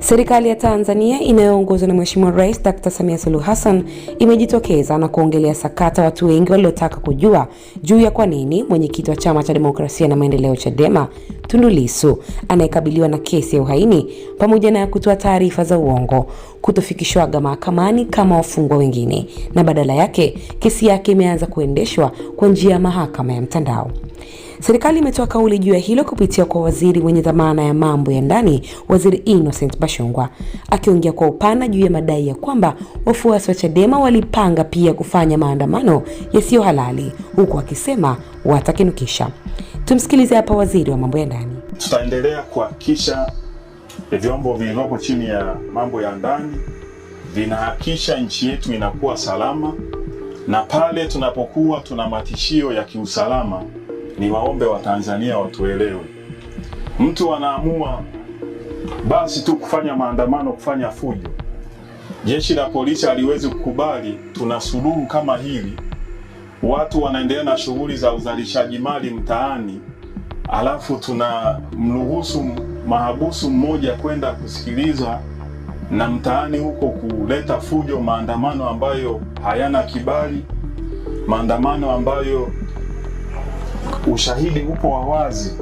Serikali ya Tanzania inayoongozwa na Mheshimiwa Rais Dr. Samia Suluhu Hassan imejitokeza na kuongelea sakata watu wengi waliotaka kujua juu ya kwa nini mwenyekiti wa Chama cha Demokrasia na Maendeleo CHADEMA Tundu Lissu anayekabiliwa na kesi ya uhaini pamoja na ya kutoa taarifa za uongo kutofikishwaga mahakamani kama wafungwa wengine na badala yake kesi yake imeanza kuendeshwa kwa njia ya mahakama ya mtandao. Serikali imetoa kauli juu ya hilo kupitia kwa waziri mwenye dhamana ya mambo ya ndani, Waziri Innocent Bashungwa, akiongea kwa upana juu ya madai ya kwamba wafuasi wa Chadema walipanga pia kufanya maandamano yasiyo halali, huku akisema watakinukisha. Tumsikilize hapa waziri wa mambo ya ndani. Tutaendelea kuhakikisha vyombo vilivyoko chini ya mambo ya ndani vinahakisha nchi yetu inakuwa salama, na pale tunapokuwa tuna matishio ya kiusalama ni waombe Watanzania watuelewe. Mtu anaamua basi tu kufanya maandamano, kufanya fujo. Jeshi la polisi haliwezi kukubali. Tuna suluhu kama hili, watu wanaendelea na shughuli za uzalishaji mali mtaani, alafu tuna mruhusu mahabusu mmoja kwenda kusikiliza na mtaani huko kuleta fujo, maandamano ambayo hayana kibali, maandamano ambayo ushahidi upo wa wazi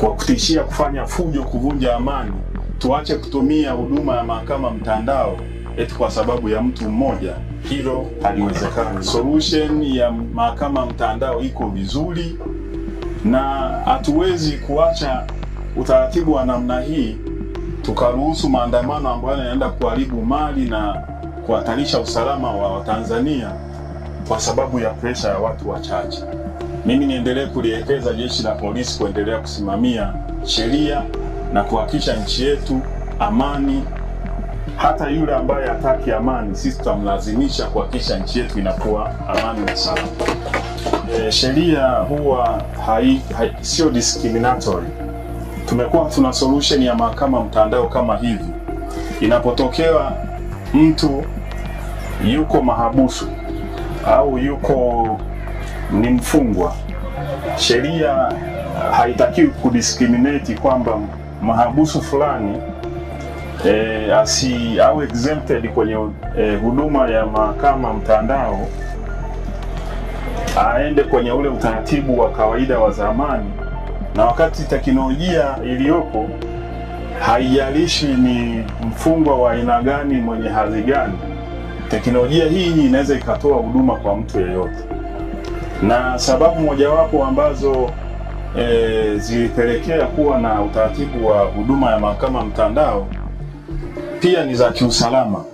kwa kutishia kufanya fujo, kuvunja amani. Tuache kutumia huduma ya mahakama mtandao eti kwa sababu ya mtu mmoja, hilo haliwezekani. Solution ya mahakama mtandao iko vizuri, na hatuwezi kuacha utaratibu wa namna hii tukaruhusu maandamano ambayo yanaenda kuharibu mali na kuhatarisha usalama wa Watanzania kwa sababu ya presha ya watu wachache mimi niendelee kulielekeza jeshi la polisi kuendelea kusimamia sheria na kuhakikisha nchi yetu amani. Hata yule ambaye hataki amani, sisi tutamlazimisha kuhakikisha nchi yetu inakuwa amani na salama. E, sheria huwa hai, hai, sio discriminatory. Tumekuwa tuna solution ya mahakama mtandao kama hivi, inapotokea mtu yuko mahabusu au yuko ni mfungwa. Sheria haitakiwi kudiskriminate kwamba mahabusu fulani e, asi au exempted kwenye e, huduma ya mahakama mtandao, aende kwenye ule utaratibu wa kawaida wa zamani, na wakati teknolojia iliyopo haijalishi ni mfungwa wa aina gani, mwenye hadhi gani, teknolojia hii inaweza ikatoa huduma kwa mtu yeyote na sababu mojawapo ambazo e, zilipelekea kuwa na utaratibu wa huduma ya mahakama mtandao pia ni za kiusalama.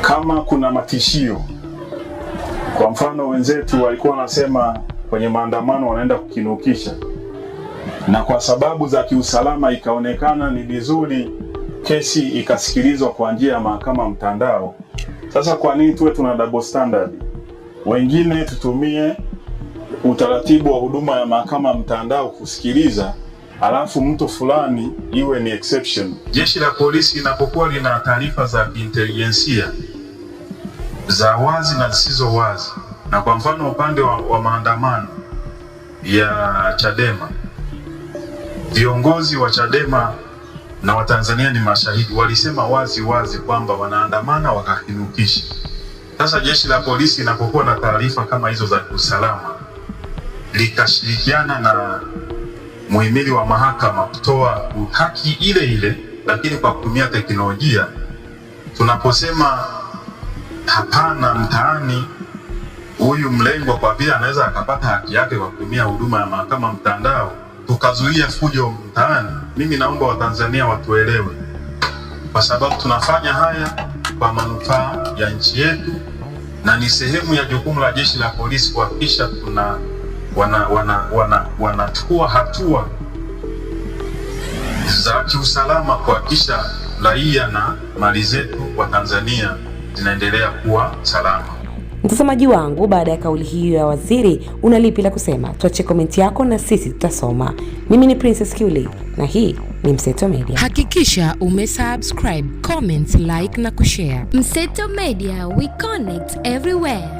Kama kuna matishio, kwa mfano, wenzetu walikuwa wanasema kwenye maandamano wanaenda kukinukisha, na kwa sababu za kiusalama ikaonekana ni vizuri kesi ikasikilizwa kwa njia ya mahakama mtandao. Sasa kwa nini tuwe tuna double standard? Wengine tutumie utaratibu wa huduma ya mahakama mtandao kusikiliza, alafu mtu fulani iwe ni exception. Jeshi la polisi linapokuwa lina taarifa za kiintelijensia za wazi na zisizo wazi, na kwa mfano upande wa, wa maandamano ya Chadema, viongozi wa Chadema na Watanzania ni mashahidi, walisema wazi wazi kwamba wanaandamana wakakinukisha sasa jeshi la polisi linapokuwa na taarifa kama hizo za kiusalama, likashirikiana na muhimili wa mahakama kutoa haki ile ile, lakini kwa kutumia teknolojia. Tunaposema hapana mtaani, huyu mlengwa kwa vile anaweza akapata haki yake kwa kutumia huduma ya mahakama mtandao, tukazuia fujo mtaani. Mimi naomba Watanzania watuelewe, kwa sababu tunafanya haya kwa manufaa ya nchi yetu na ni sehemu ya jukumu la jeshi la polisi kuhakikisha tuna wanachukua wana, wana, wana hatua za kiusalama kuhakikisha raia na mali zetu wa Tanzania zinaendelea kuwa salama. Mtazamaji wangu, baada ya kauli hiyo ya waziri, una lipi la kusema? Tuache komenti yako na sisi tutasoma. Mimi ni Princess Kiuli na hii ni Mseto Media. Hakikisha ume subscribe, comment, like na kushare. Mseto Media, we connect everywhere.